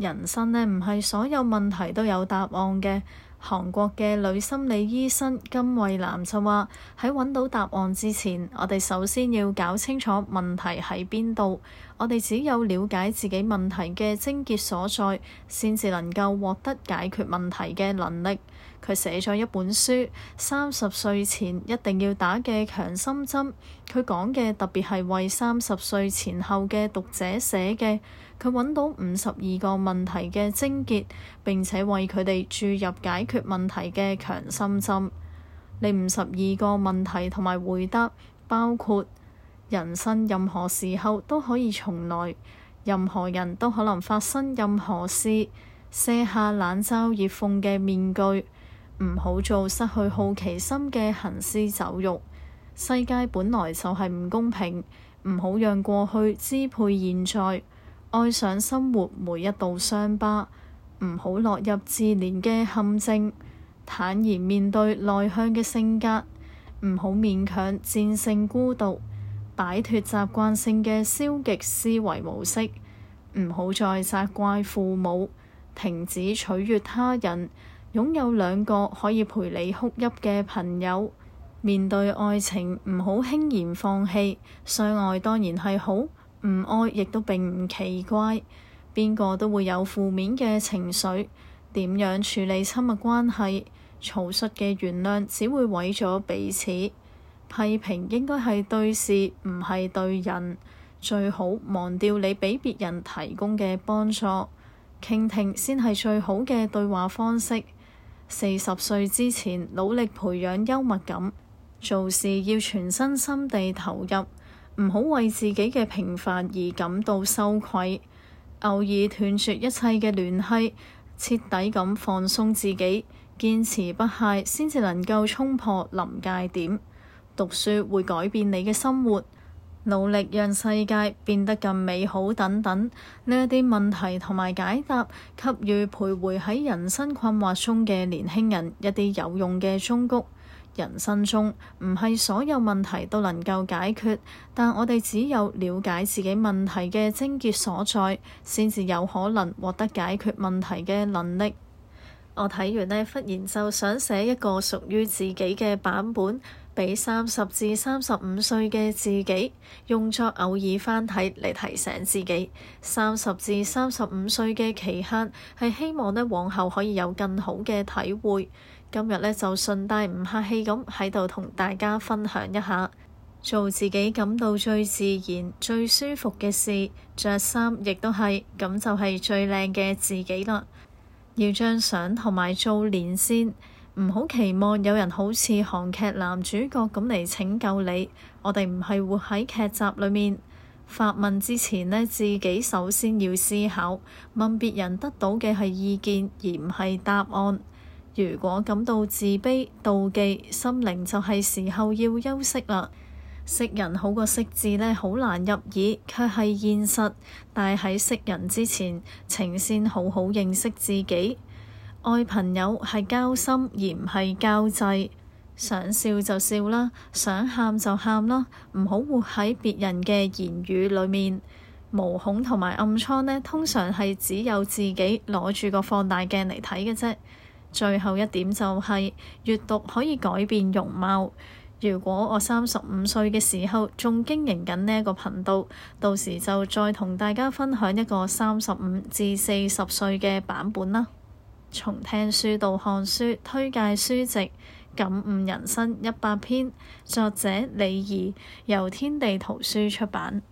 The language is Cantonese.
人生呢唔係所有問題都有答案嘅。韓國嘅女心理醫生金惠南就話：喺揾到答案之前，我哋首先要搞清楚問題喺邊度。我哋只有了解自己問題嘅症結所在，先至能夠獲得解決問題嘅能力。佢寫咗一本書《三十歲前一定要打嘅強心針》，佢講嘅特別係為三十歲前後嘅讀者寫嘅。佢揾到五十二個問題嘅症結，並且為佢哋注入解決問題嘅強心針。呢五十二個問題同埋回答包括人生任何時候都可以重來，任何人都可能發生任何事，卸下冷嘲熱諷嘅面具。唔好做失去好奇心嘅行屍走肉。世界本來就係唔公平，唔好讓過去支配現在。愛上生活每一道傷疤，唔好落入自憐嘅陷阱。坦然面對內向嘅性格，唔好勉強戰勝孤獨，擺脫習慣性嘅消極思維模式。唔好再責怪父母，停止取悅他人。擁有兩個可以陪你哭泣嘅朋友，面對愛情唔好輕言放棄。相愛當然係好，唔愛亦都並唔奇怪。邊個都會有負面嘅情緒，點樣處理親密關係？草率嘅原諒只會毀咗彼此。批評應該係對事，唔係對人。最好忘掉你俾別人提供嘅幫助，傾聽先係最好嘅對話方式。四十歲之前，努力培養幽默感，做事要全身心地投入，唔好為自己嘅平凡而感到羞愧。偶爾斷絕一切嘅聯繫，徹底咁放鬆自己，堅持不懈，先至能夠衝破臨界點。讀書會改變你嘅生活。努力讓世界變得更美好，等等呢一啲問題同埋解答，給予徘徊喺人生困惑中嘅年輕人一啲有用嘅忠告。人生中唔係所有問題都能夠解決，但我哋只有了解自己問題嘅症結所在，先至有可能獲得解決問題嘅能力。我睇完呢，忽然就想寫一個屬於自己嘅版本。俾三十至三十五歲嘅自己用作偶爾翻睇嚟提醒自己，三十至三十五歲嘅期限係希望呢往後可以有更好嘅體會。今日呢，就順帶唔客氣咁喺度同大家分享一下，做自己感到最自然、最舒服嘅事，着衫亦都係咁就係最靚嘅自己啦。要張相同埋做臉先。唔好期望有人好似韓劇男主角咁嚟拯救你。我哋唔係活喺劇集裏面。發問之前呢，自己首先要思考，問別人得到嘅係意見，而唔係答案。如果感到自卑、妒忌、心靈就係時候要休息啦。識人好過識字呢，好難入耳，卻係現實。但係喺識人之前，請先好好認識自己。愛朋友係交心而唔係交際，想笑就笑啦，想喊就喊啦，唔好活喺別人嘅言語裡面。毛孔同埋暗瘡呢，通常係只有自己攞住個放大鏡嚟睇嘅啫。最後一點就係，閱讀可以改變容貌。如果我三十五歲嘅時候仲經營緊呢一個頻道，到時就再同大家分享一個三十五至四十歲嘅版本啦。從聽書到看書，推介書籍，感悟人生一百篇。作者李怡，由天地圖書出版。